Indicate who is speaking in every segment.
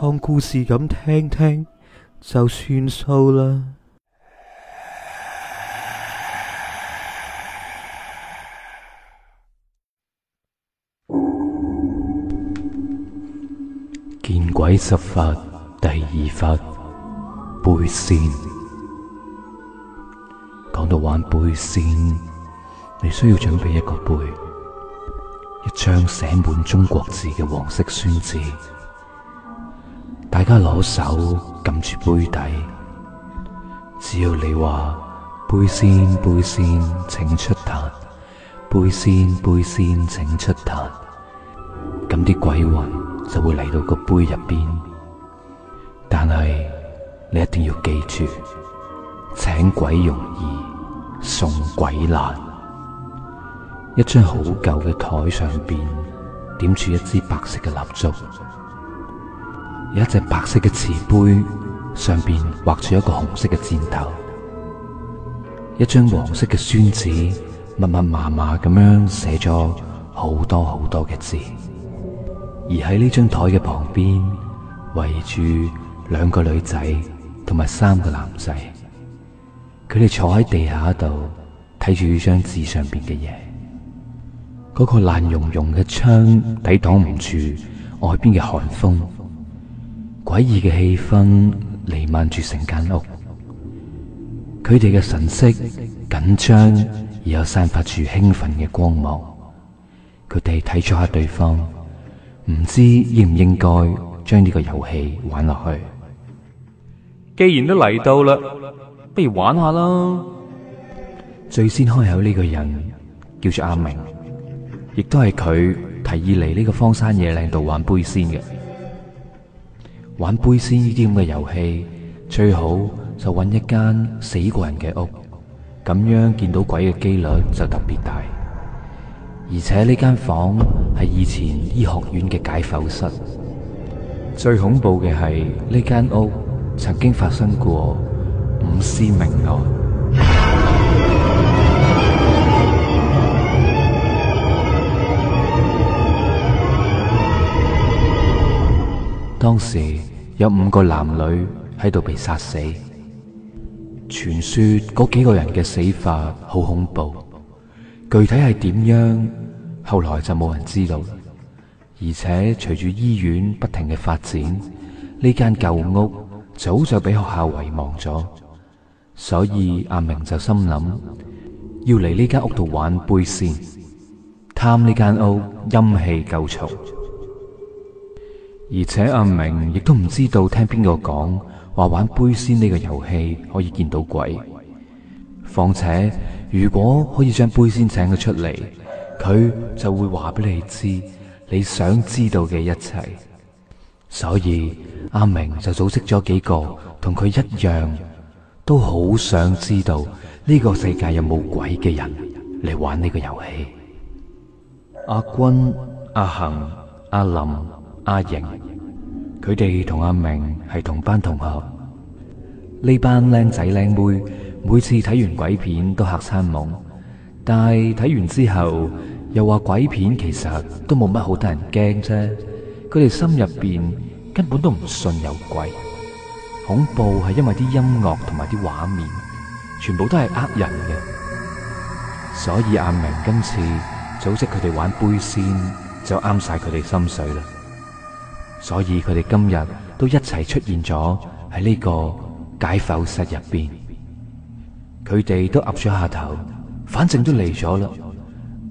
Speaker 1: 當故事咁聽聽就算數啦。見鬼十法，第二法杯仙。講到玩杯仙，你需要準備一個杯，一張寫滿中國字嘅黃色宣紙。大家攞手撳住杯底，只要你話杯仙，杯仙請出壇，杯仙，杯仙請出壇，咁啲鬼魂就會嚟到個杯入邊。但係你一定要記住，請鬼容易送鬼難。一張好舊嘅台上邊，點住一支白色嘅蠟燭。有一隻白色嘅瓷杯，上邊畫住一個紅色嘅箭頭；一張黃色嘅宣紙，密密麻麻咁樣寫咗好多好多嘅字。而喺呢張台嘅旁邊，圍住兩個女仔同埋三個男仔，佢哋坐喺地下度睇住呢張紙上邊嘅嘢。嗰個爛茸茸嘅窗抵擋唔住外邊嘅寒風。詭異嘅氣氛彌漫住成間屋，佢哋嘅神色緊張，而又散發住興奮嘅光芒。佢哋睇咗下對方，唔知應唔應該將呢個遊戲玩落去。既然都嚟到啦，不如玩下啦。最先開口呢個人叫做阿明，亦都係佢提議嚟呢個荒山野嶺度玩杯先嘅。玩杯仙呢啲咁嘅遊戲，最好就揾一間死過人嘅屋，咁樣見到鬼嘅幾率就特別大。而且呢間房係以前醫學院嘅解剖室，最恐怖嘅係呢間屋曾經發生過五屍命案， 當時。有五個男女喺度被殺死，傳說嗰幾個人嘅死法好恐怖，具體係點樣，後來就冇人知道。而且隨住醫院不停嘅發展，呢間舊屋早就俾學校遺忘咗，所以阿明就心諗要嚟呢間屋度玩杯仙，貪呢間屋陰氣夠重。而且阿明亦都唔知道聽邊個講話，玩杯仙呢個遊戲可以見到鬼。況且如果可以將杯仙請佢出嚟，佢就會話俾你知你想知道嘅一切。所以阿明就組織咗幾個同佢一樣都好想知道呢個世界有冇鬼嘅人嚟玩呢個遊戲。阿君、阿恒、阿林。阿瑩佢哋同阿明係同班同學，呢班靚仔靚妹每次睇完鬼片都吓餐懵，但係睇完之後又話鬼片其實都冇乜好得人驚啫，佢哋心入邊根本都唔信有鬼，恐怖係因為啲音樂同埋啲畫面全部都係呃人嘅，所以阿明今次組織佢哋玩杯仙就啱晒佢哋心水啦。所以佢哋今日都一齊出現咗喺呢個解剖室入邊，佢哋都岌咗下頭，反正都嚟咗啦。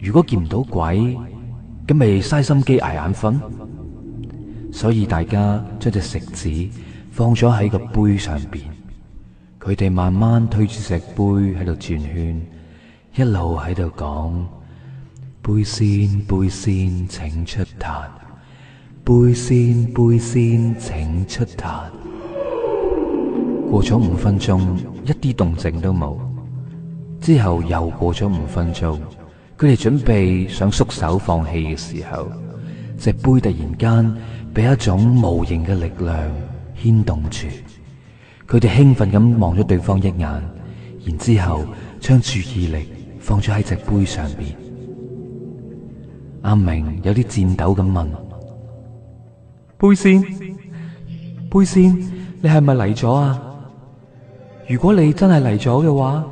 Speaker 1: 如果見唔到鬼，咁咪嘥心機捱眼瞓。所以大家將隻食指放咗喺個杯上邊，佢哋慢慢推住石杯喺度轉圈，一路喺度講：杯仙，杯仙，請出壇。杯仙，杯仙，請出壇。過咗五分鐘，一啲動靜都冇。之後又過咗五分鐘，佢哋準備想縮手放棄嘅時候，隻杯突然間被一種無形嘅力量牽動住。佢哋興奮咁望咗對方一眼，然之後將注意力放咗喺隻杯上邊。阿明有啲顫抖咁問。杯仙，杯仙，你係咪嚟咗啊？如果你真係嚟咗嘅話，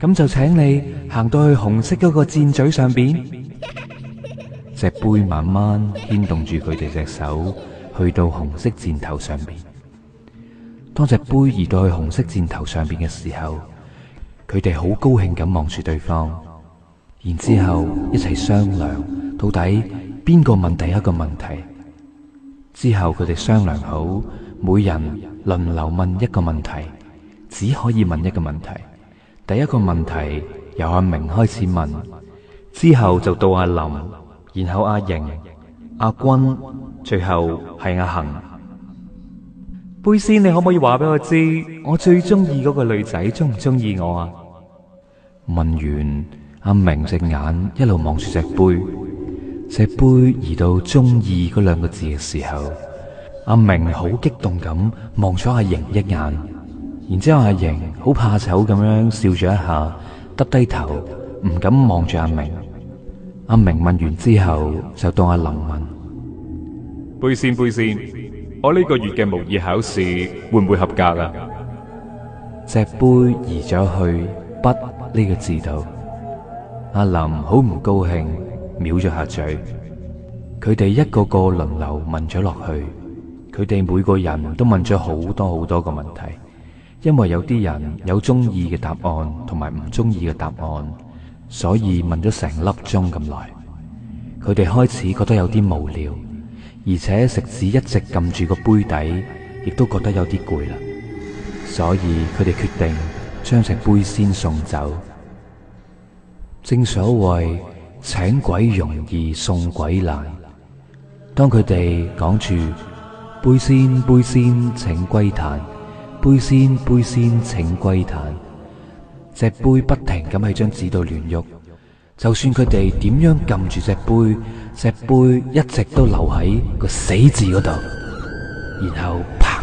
Speaker 1: 咁就請你行到去紅色嗰個箭嘴上邊。隻杯慢慢牽動住佢哋隻手，去到紅色箭頭上邊。當隻杯移到去紅色箭頭上邊嘅時候，佢哋好高興咁望住對方，然之後一齊商量到底邊個問第一個問題。之後佢哋商量好，每人輪流問一個問題，只可以問一個問題。第一個問題由阿明開始問，之後就到阿林，然後阿瑩、阿君，最後係阿恒。杯仙，你可唔可以話俾我知，我最中意嗰個女仔中唔中意我啊？問完，阿明隻眼一路望住隻杯。隻杯移到中意嗰兩個字嘅時候，阿明好激動咁望咗阿瑩一眼，然之後阿瑩好怕醜咁樣笑咗一下，耷低頭唔敢望住阿明。阿明問完之後就當阿林問：杯仙杯仙，我呢個月嘅模擬考試會唔會合格啊？隻杯移咗去不呢個字度，阿林好唔高興。秒咗下嘴，佢哋一個個輪流問咗落去，佢哋每個人都問咗好多好多個問題，因為有啲人有中意嘅答案同埋唔中意嘅答案，所以問咗成粒鐘咁耐。佢哋開始覺得有啲無聊，而且食指一直撳住個杯底，亦都覺得有啲攰啦，所以佢哋決定將隻杯先送走。正所謂，請鬼容易送鬼難，當佢哋講住杯仙，杯仙請歸壇，杯仙，杯仙請歸壇，隻杯，杯，杯不停咁喺張紙度亂喐，就算佢哋點樣撳住隻杯，隻杯一直都留喺個死字嗰度，然後啪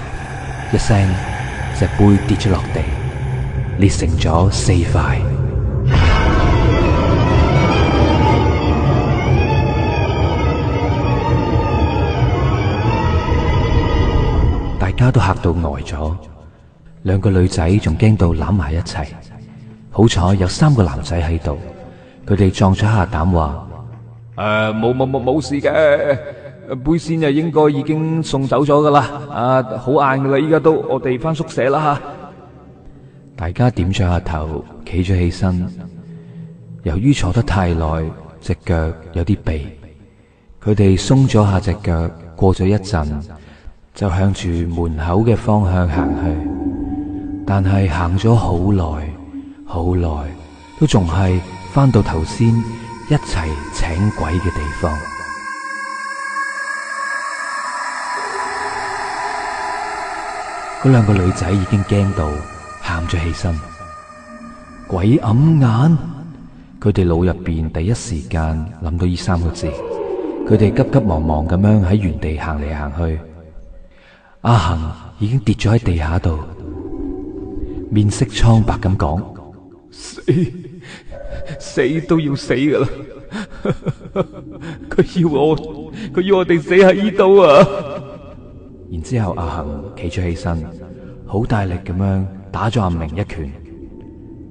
Speaker 1: 一聲，隻杯跌咗落地，裂成咗四塊。都吓到呆咗，兩個女仔仲驚到攬埋一齊。好彩有三個男仔喺度，佢哋壯咗下膽話：誒、啊，冇冇冇冇事嘅，杯仙又應該已經送走咗噶啦。啊，好晏噶啦，依家都我哋返宿舍啦吓。大家點咗下頭，企咗起身。由於坐得太耐，隻腳有啲痹，佢哋鬆咗下隻腳。過咗一陣。就向住門口嘅方向行去，但係行咗好耐，好耐都仲係翻到頭先一齊請鬼嘅地方。嗰 兩個女仔已經驚到喊咗起身，鬼揞眼，佢哋腦入邊第一時間諗到呢三個字，佢哋急急忙忙咁樣喺原地行嚟行去。阿恒已經跌咗喺地下度，面色蒼白咁講：死死都要死噶啦！佢 要我，佢要我哋死喺呢度啊！然之後阿恒企咗起身，好大力咁樣打咗阿明一拳：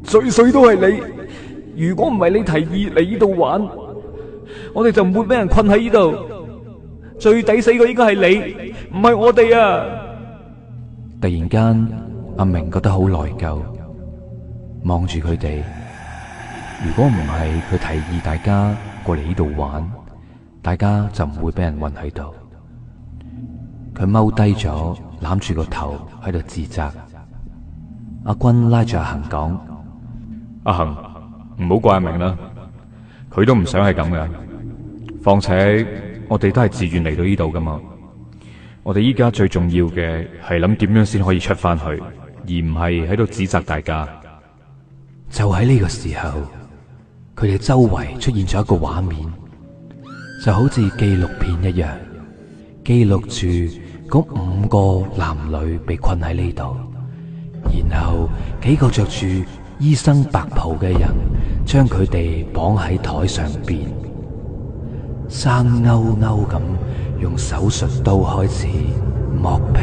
Speaker 1: 最衰都係你，如果唔係你提議嚟呢度玩，我哋就唔會俾人困喺呢度。最抵死嘅應該係你，唔係我哋啊！突然間，阿明覺得好內疚，望住佢哋。如果唔係佢提議大家過嚟呢度玩，大家就唔會俾人困喺度。佢踎低咗，攬住個頭喺度自責。阿軍拉住阿恒講：阿恒，唔好怪阿明啦，佢都唔想係咁嘅，況且。我哋都係自願嚟到呢度㗎嘛？我哋依家最重要嘅係諗點樣先可以出翻去，而唔係喺度指責大家。就喺呢個時候，佢哋周圍出現咗一個畫面，就好似紀錄片一樣，記錄住嗰五個男女被困喺呢度，然後幾個着住醫生白袍嘅人將佢哋綁喺台上邊。生勾勾咁用手術刀開始剝皮，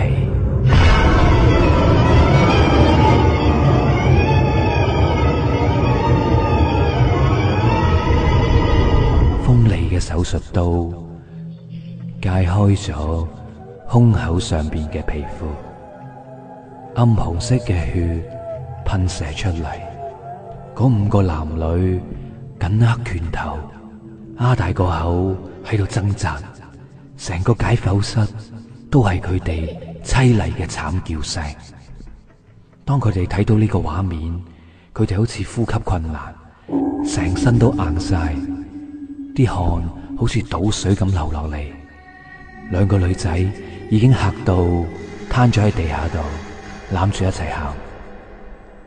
Speaker 1: 鋒 利嘅手術刀解開咗胸口上邊嘅皮膚，暗紅色嘅血噴射出嚟，嗰五個男女緊握拳頭。擘大個口喺度掙扎，成個解剖室都係佢哋淒厲嘅慘叫聲。當佢哋睇到呢個畫面，佢哋好似呼吸困難，成身都硬晒，啲汗好似倒水咁流落嚟。兩個女仔已經嚇到癱咗喺地下度，攬住一齊喊，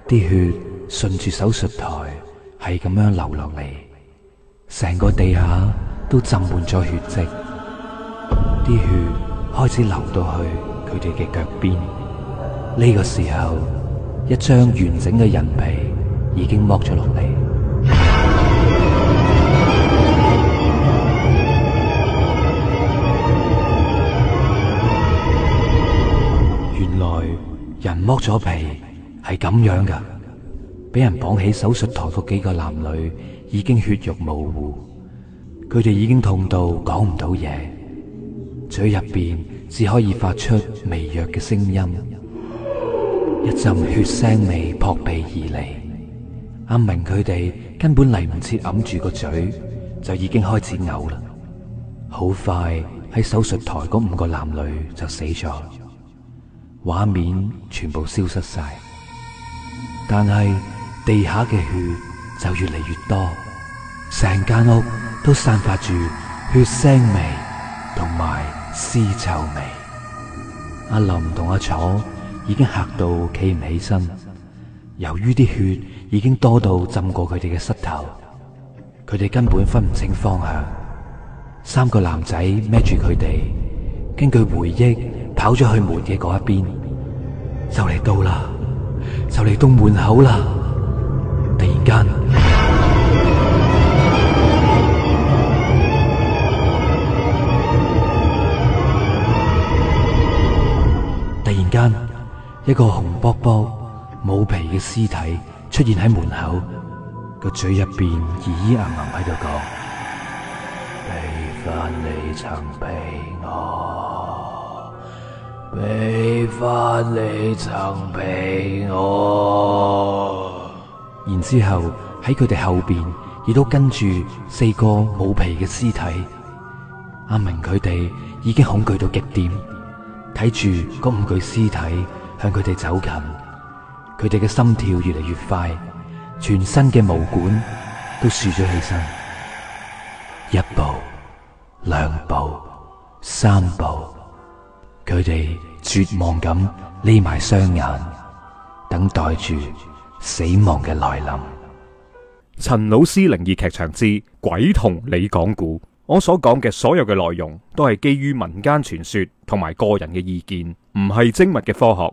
Speaker 1: 啲血順住手術台係咁樣流落嚟。成個地下，都浸滿咗血迹，啲血開始流到去佢哋嘅腳邊。呢、這個時候，一張完整嘅人皮已經剝咗落嚟。原來人剝咗皮係咁樣噶，俾人綁起手術台嗰幾個男女。已經血肉模糊，佢哋已經痛到講唔到嘢，嘴入邊只可以發出微弱嘅聲音，一陣血腥味撲鼻而嚟。阿明佢哋根本嚟唔切，揞住個嘴就已經開始嘔啦。好快喺手術台嗰五個男女就死咗，畫面全部消失晒，但係地下嘅血。就越嚟越多，成間屋都散發住血腥味同埋屍臭味。阿林同阿楚已經嚇到企唔起身，由於啲血已經多到浸過佢哋嘅膝頭，佢哋根本分唔清方向。三個男仔孭住佢哋，根據回憶跑咗去門嘅嗰一邊，就嚟到啦，就嚟到門口啦。一個紅卜卜、冇皮嘅屍體出現喺門口，個嘴入邊咿咿噏噏喺度講：俾翻你曾被我，俾翻你曾被我。然之後喺佢哋後邊亦都跟住四個冇皮嘅屍體。阿明佢哋已經恐懼到極點，睇住嗰五具屍體。向佢哋走近，佢哋嘅心跳越嚟越快，全身嘅毛管都豎咗起身。一步、兩步、三步，佢哋絕望咁眯埋雙眼，等待住死亡嘅來臨。陳老師靈異劇場之「鬼同你講故」，我所講嘅所有嘅內容都係基於民間傳說同埋個人嘅意見，唔係精密嘅科學。